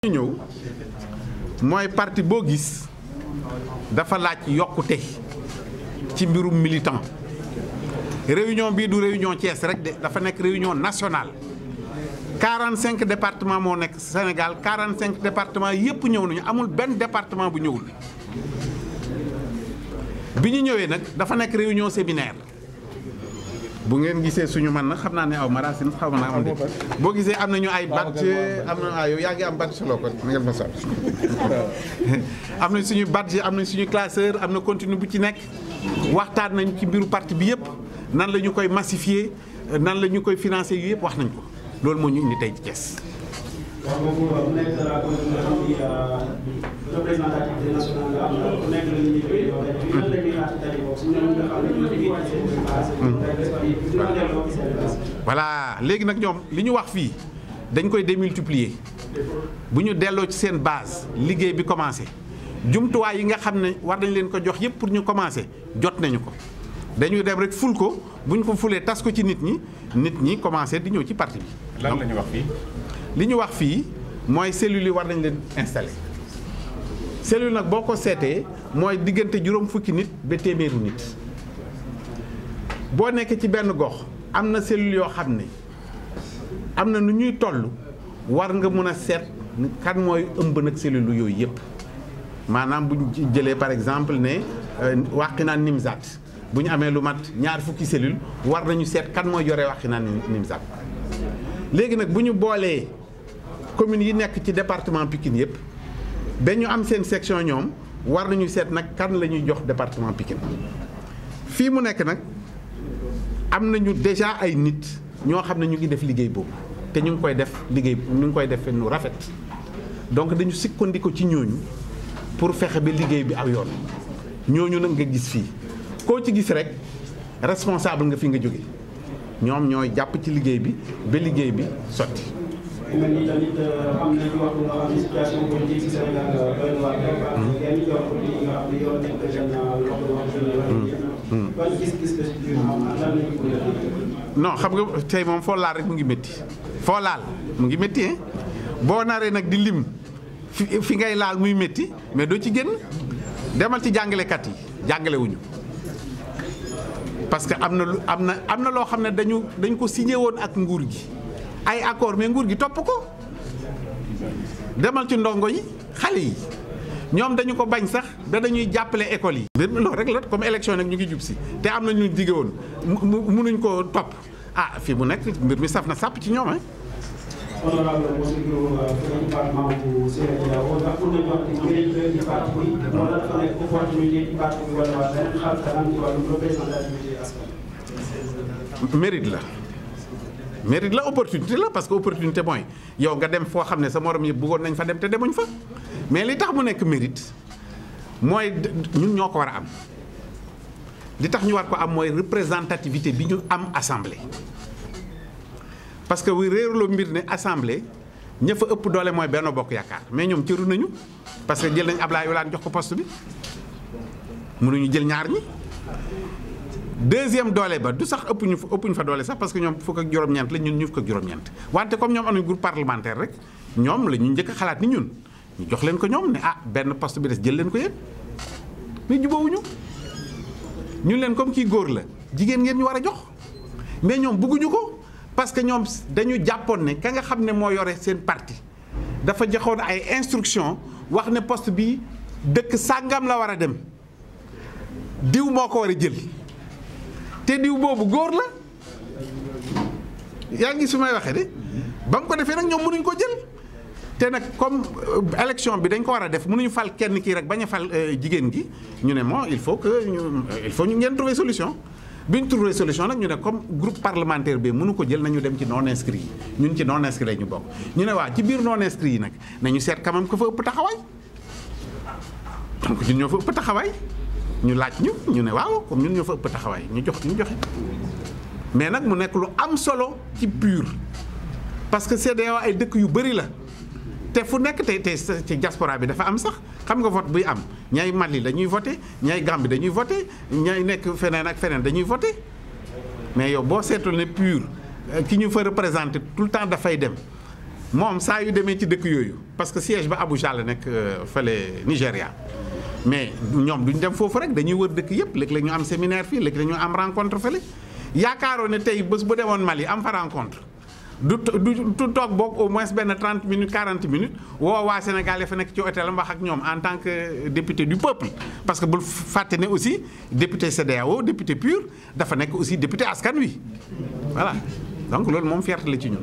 ñëw mooy parti boo gis dafa laaj yokkute ci mbirum militant réunion bii du réunion Thiès rek de dafa nekk réunion nationale 45 départements moo nekk Sénégal 45 départements yépp ñëw nañu amul benn département bu ñëwul bi ñu ñëwee nag dafa nekk réunion séminaire bu ngeen gisee suñu man na xam naa ne aw marasin xaw ma naa am de boo gisee am nañu ay badge am na ah, yow yaa ngi am badge solo kon ngeen ma sol am nañ suñu badge am nañ suñu classeur am na continue bu ci nekk waxtaan nañ ci mbiru parti bi yëpp nan la ñu koy massifier nan la ñu koy financer yu yëpp wax nañ ko loolu moo ñu indi tey ci wax nga léegi nag ñoom li ñu wax fii dañ koy démultiplier bu ñu delloo ci seen base liggéey bi commencé jumtuwaay yi nga xam ne war nañ leen ko jox yëpp pour ñu commencé jot nañu ko dañuy dem rek ful ko bu ñu ko fulee tas ko ci nit ñi nit ñi commencé di ñëw ci parti bi. lan la ñu wax fii. li ñu wax fii mooy cellules yi war nañ leen installer cellule nag boo ko seetee mooy diggante juróom fukki nit ba téeméeru nit boo nekkee ci benn gox am na cellule yoo xam ne am na nu ñuy toll war nga mën a seet kan mooy ëmb nag cellule yooyu yëpp maanaam bu ñu jëlee par exemple ne euh, Wakhinane Nimzatt bu ñu amee lu mat ñaar fukki cellule war nañu seet kan mooy yore Wakhinane Nimzatt léegi nag bu ñu boolee communes yi nekk ci département Pikine yëpp ba ñu am seen section ñoom war nañu seet nag kan la ñuy jox département pikin fii mu nekk nag am nañu déjà ay nit ñoo xam ne ñu ngi def liggéey boobu te ñu ngi koy def liggéey ñu ngi koy def nu rafet donc dañu sukkandiku ci ñooñu pour fexe ba liggéey bi aw yoon ñooñu nag nga gis fii koo ci gis rek responsable nga fi nga jóge ñoom ñooy jàpp ci liggéey bi ba liggéey bi sotti Euh, euh, mm-hmm. euh, mm-hmm. no xam nga xam tey moom foo laal rek mu ngi métti foo laal mu ngi métti boo naree nag di lim fi fi ngay laal muy métti mais doo ci gën demal ci jàngalekat yi jàngalewuñu wuñu parce que am na lu am na am na loo xam ne dañu dañ ko signé woon ak nguur gi. ay accord mais nguur gi topp ko demal ci ndongo yi xale yi ñoom dañu ko bañ sax ba dañuy jàppale école yi. mbir mi loolu nag ñu ngi jub si te am na ñu digge woon mu munuñ koo topp ah fii mu nekk mbir mi saf na sàpp ci ñoom ah. la. mérite la opportunité la parce que opportunité mooy yow nga dem foo xam ne sa morom yëpp bëggoon nañ fa dem te demuñ fa mais li tax mu nekk mérite mooy ñun ñoo ko war a am li tax ñu war ko am mooy représentativité bi ñu am assemblée. parce que wu réeruloo mbir ne assemblée ña fa ëpp doole mooy benn bokk yaakaar mais ñoom cëru nañu parce que jël nañ Ablaye Wilane jox ko poste bi mënuñu jël ñaar ñi deuxième doole ba du sax ëpp ñu fa ëpp ñu doole sax parce que ñoom fukk ak juróom-ñeent la ñun ñu fukk ak juróom-ñeent wante comme ñoom am nañu groupe parlementaire rek ñoom la ñu njëkk a xalaat ni ñun ñu jox leen ko ñoom ne ah benn poste bi des jël leen ko yéen mais jubóowuñu ñun leen comme kii góor la jigéen ngeen ñu war a jox mais ñoom bëgguñu ko parce que ñoom dañu jàppoon ne ka nga xam ne moo yore seen parti dafa joxoon ay instruction wax ne post bi dëkk sàngam la war a dem diw moo ko war a jël te diw boobu góor la yaa ngi su may waxee de ba mu ko defee nag ñoom mënuñ ko jël te nag comme euh, élection bi dañ ko war a def mënuñu fal kenn kii rek bañ a fal euh, jigéen gi ñu ne moom il faut que ñu euh, il faut ñu ngeen trouver solution bi ñu trouvé solution nag ñu ne comme groupe parlementaire bi mënu ko jël nañu dem ci non inscrit yi ñun ci non inscrit la ñu bokk ñu ne waa ci biir non inscrit yi nag nañu seet quand même ko fa ëpp taxawaay donc ñun ñoo fa ëpp taxawaay ñu laaj ñu ñu ne waaw comme ñun ñoo fa ëpp taxawaay ñu jox ñu joxe mais nag mu nekk lu am solo ci pur parce que CEDEAO ay dëkk yu bëri la te fu nekk tey te ci diaspora bi dafa am sax xam nga vote buy am ñay Mali dañuy voté ñay Gambie dañuy voté ñay nekk feneen ak feneen dañuy voté mais yow boo seetul ne pur euh, ki ñu fa représenté tout le temps dafay dem moom saa yu demee ci dëkk yooyu parce que siège ba Abuja la nekk euh, fële Nigéria mais ñoom duñ dem foofu rek dañuy wër dëkk yëpp léegi léeg ñu am séminaire fii léegi léeg am rencontre fële yaakaaroon ne tey bés bu demoon Mali am fa rencontre du toog boog au moins benn trente minutes 40 minutes woo waa Sénégal fa nekk ci hôtelam wax ak ñoom en tant que député du peuple parce que bu fàtte ne aussi député CEDEAO député PUR dafa nekk aussi député askan wi voilà donc loolu moom fierté la ci ñun.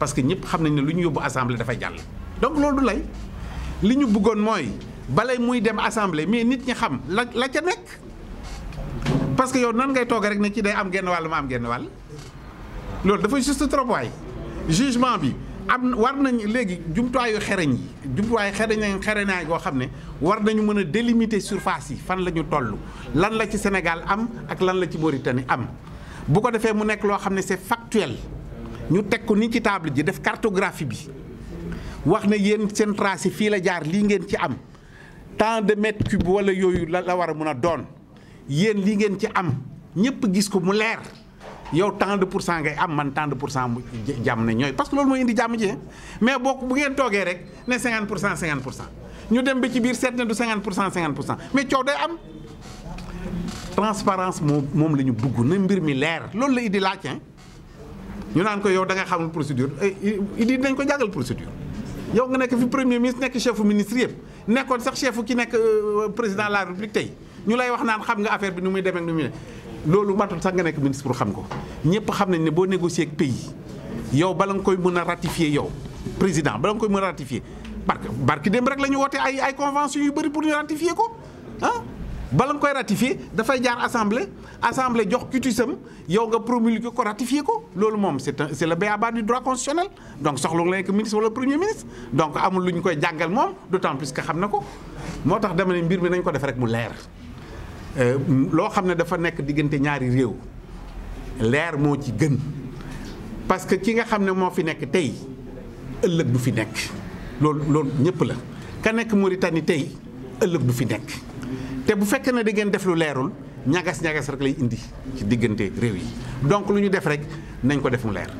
parce que ñëpp xam nañ ne lu ñu yóbbu assemblée dafa jàll. donc loolu du lay li ñu buggoon mooy bala muy dem assemblée mais nit ñi xam la la ca nekk parce que yow nan ngay toog rek ne ci day am genn wàll ma am genn wàll loolu dafa juste trop waay jugement bi. am war nañ léegi jumtuwaayu xereñ yi jumtuwaayu xereñ xereñaay goo xam ne war nañu mën a délimiter surface yi fan la ñu toll lan la ci Sénégal am ak lan la ci Mauritanie am bu ko defee mu nekk loo xam ne c'est factuel ñu teg ko ni ci table ji def cartographie bi wax na yéen seen tracé fii la jaar lii ngeen ci am tant de mètres cubes wala yooyu la la war a mun a doon yéen lii ngeen ci am ñëpp gis ko mu leer yow tant de pour am man tant de pour cent mu jàmm na ñooy parce que loolu mooy indi jàmm ji mais boo bu ngeen toogee rek ne 50 pour cent 50 pour cent ñu dem ba ci biir seet ne du 50 pour cent 50 pour cent mais coow day am transparence moom moom la ñu bugg na mbir mi leer loolu la indi laaj ñu naan ko yow da nga xamul procédure eh, idi nañ ko jàngal procédure yow nga nekk fi premier ministre nekk chefu ministre yëpp nekkoon sax chefu ki nekk euh, président de la république tey ñu lay wax naan xam nga affaire bi nu muy demee nu muy ne loolu matul sax nga nekk ministre pour xam ko ñëpp xam nañ ne boo négocier ak pays yow bala nga koy mën a ratifier yow président bala nga koy mën a ratifier barke barke démb rek la ñu woote ay ay convention yu bëri pour ñu ko ah bala nga koy ratifier dafay jaar assemblée assemblée jox cutisam yow nga promulguer ko ratifier ko loolu moom c'est c'est le b.a.-ba du droit constitutionnel donc soxla nga nekk ministre wala premier ministre donc amul lu ñu koy jàngal moom d'autant plus que xam na ko moo tax demale mbir mi nañ ko def rek mu leer euh, loo xam ne dafa nekk diggante ñaari réew leer moo ci gën parce que ki nga xam ne moo fi nekk tey ëllëg du fi nekk loolu loolu ñëpp la ka nekk Mauritanie tey ëllëg du fi nekk te bu fekkee ne da ngeen def lu leerul ñagas ñagas rek lay indi ci diggante réew yi donc lu ñu def rek nañ ko def mu leer.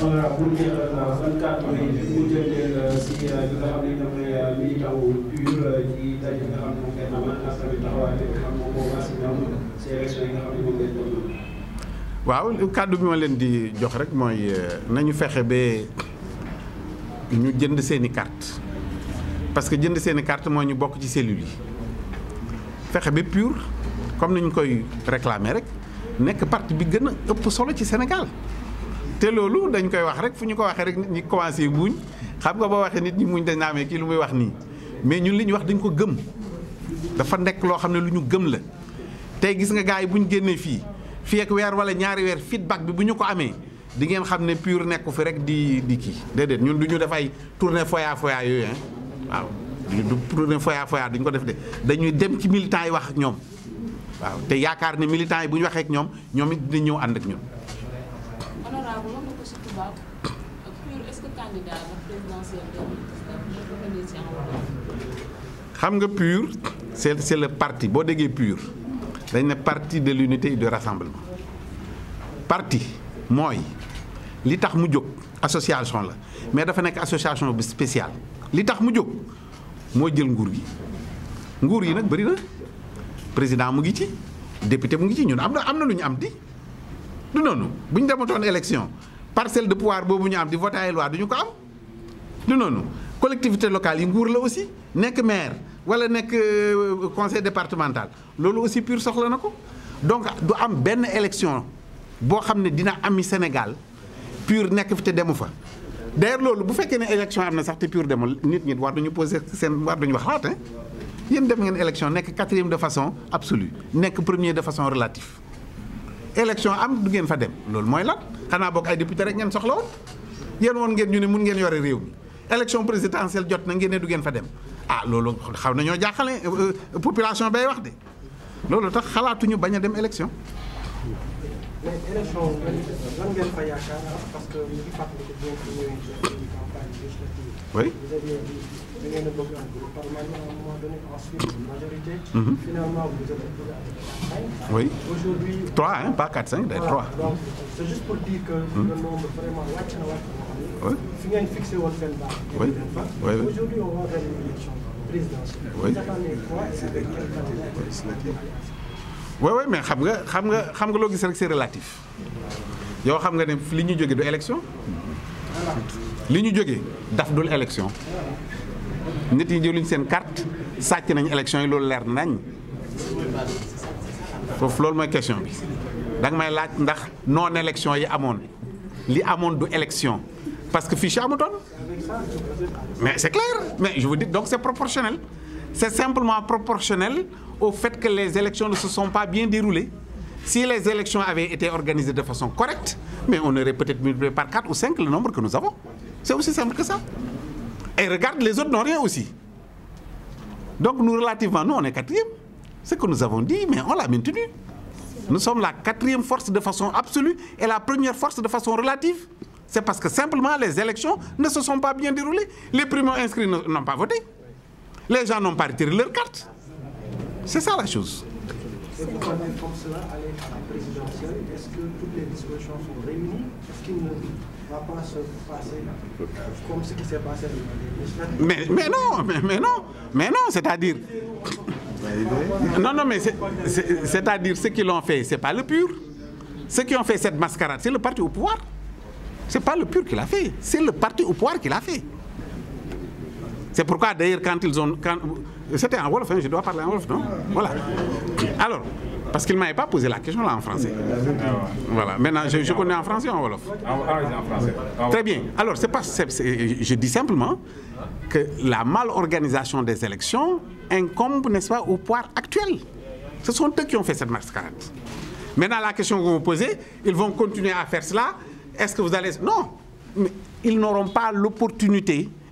voilà kàddu bi moo waaw kàddu leen di jox rek mooy euh, nañu fexe ba ñu jënd seeni carte parce que jënd seeni carte moo ñu bokk ci cellules yi. fexe ba pur comme ni ñu koy réclamer rek nekk parti bi gën a ëpp solo ci Sénégal te loolu dañ koy wax rek fu ñu ko waxee rek nit ñi commencé muñ xam nga boo waxee nit ñi muñ dañ amee kii lu muy wax nii mais ñun li ñu wax dañ ko gëm dafa nekk loo xam ne lu ñu gëm la tey gis nga gars yi bu ñu génnee fii fii ak weer wala ñaari weer feedback bi bu ñu ko amee di ngeen xam ne pur nekku fi rek di di kii déedéet ñun du ñu def ay tournée foya foya yooyu waaw du tourné foya foya duñ ko def de dañuy dem ci militants yi wax ak ñoom waaw te yaakaar ne militants yi bu ñu waxee ak ñoom ñoom it dinañ ñëw ànd ak ñun. xam nga PUR c'est c'est le parti boo déggee PUR dañ ne parti de l'unité et de rassemblement parti mooy li tax mu jóg association la mais dafa nekk association bi spéciale li tax mu jóg. moo jël nguur gi nguur yi nag bëri na président mu ngi ci député mu ngi ci ñun am na am na lu ñu am di du noonu bu ñu dematoon élection parcelle de pouvoir boobu ñu am di voter ay loi du ñu ko am du noonu collectivité locale yi nguur la aussi nekk maire wala nekk euh, conseil départemental loolu aussi pur soxla na ko donc du am benn élection boo xam ne dina ami Sénégal pur nekk fu te demu fa d'ailleurs loolu bu fekkee ne élection am na sax te pur demul nit ñi war nañu poser seen war nañu wax xalaat yéen def ngeen élection nekk quatrième de façon absolue nekk premier de façon relative élection am du ngeen fa dem loolu mooy lan xanaa boog ay député rek ngeen soxla woon yéen woon ngeen ñu ne mun ngeen yore réew mi élection présidentielle jot na ngeen du ngeen fa dem ah loolu xaw nañoo jàqale euh, population bay wax de loolu tax xalaatuñu bañ a dem élection mais élection lan ngeen fa yaakaar parce que ñu ngi fàttali que donc ñëwee ci campagne législative. oui vous aviez dit da ngeen a bëgg un groupe parlementaire à un moment donné ensuite une majorité. finalement vous êtes retrouvé avec 4-5. oui aujourd'hui 3 hein pas 4-5 day 3. donc c'est juste pour dire que. Mhm. le nombre vraiment wàcc na wàcc na. oui fi ngeen fixé woon seen baax. oui oui aujourd'hui on va vers une élection présidentielle. oui vous attendez quoi et avec quel calendrier. oui oui mais xam nga xam nga xam nga loo gis rek c'est relatif yow xam nga ne li ñu jóge du élection li ñu jóge daf dul élection nit yi jëluñ seen carte sàcc nañ élection yi loolu leer nañ foofu loolu mooy question bi danga may laaj ndax non élection yi amoon li amoon du élection parce que fichier amutoon mais c'est clair mais je vous dis donc c'est proportionnel c'est simplement proportionnel au fait que les élections ne se sont pas bien déroulées. Si les élections avaient été organisées de façon correcte, mais on aurait peut-être multiplié par 4 ou 5 le nombre que nous avons. C'est aussi simple que ça. Et regarde, les autres n'ont rien aussi. Donc nous, relativement, nous, on est quatrième. Ce que nous avons dit, mais on l'a maintenu. Nous sommes la quatrième force de façon absolue et la première force de façon relative. C'est parce que simplement les élections ne se sont pas bien déroulées. Les primo-inscrits C'est ça la chose. est-ce que toutes Est-ce mais, mais non, mais, mais non, mais non, c'est-à-dire. Non, non, mais c'est-à-dire ceux qui l'ont fait, c'est pas le pur. Ceux qui ont fait cette mascarade, c'est le parti au pouvoir. C'est pas le pur qui l'a fait, c'est le parti au pouvoir qui l'a fait. C'est pourquoi d'ailleurs quand ils ont... Quand, c'était en Wolof, hein, je dois parler en Wolof, non Voilà. Alors, parce qu'il ne m'avait pas posé la question là en français. Voilà. Maintenant, je, je connais en français en Wolof. Ah, ah, ah, Très bien. Alors, c'est pas, c est, c est, je dis simplement que la malorganisation des élections incombe, n'est-ce pas, au pouvoir actuel. Ce sont eux qui ont fait cette mascarade. Maintenant, la question que vous posez, ils vont continuer à faire cela. Est-ce que vous allez... Non. Mais ils n'auront pas l'opportunité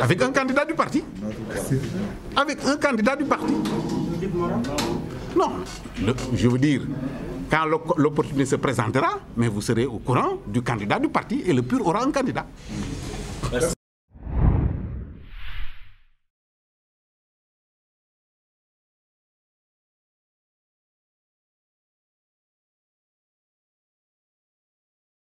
Avec un candidat du parti. Avec un candidat du parti. Non, le, je veux dire, quand l'opportunité se présentera, mais vous serez au courant du candidat du parti et le PUR aura un candidat.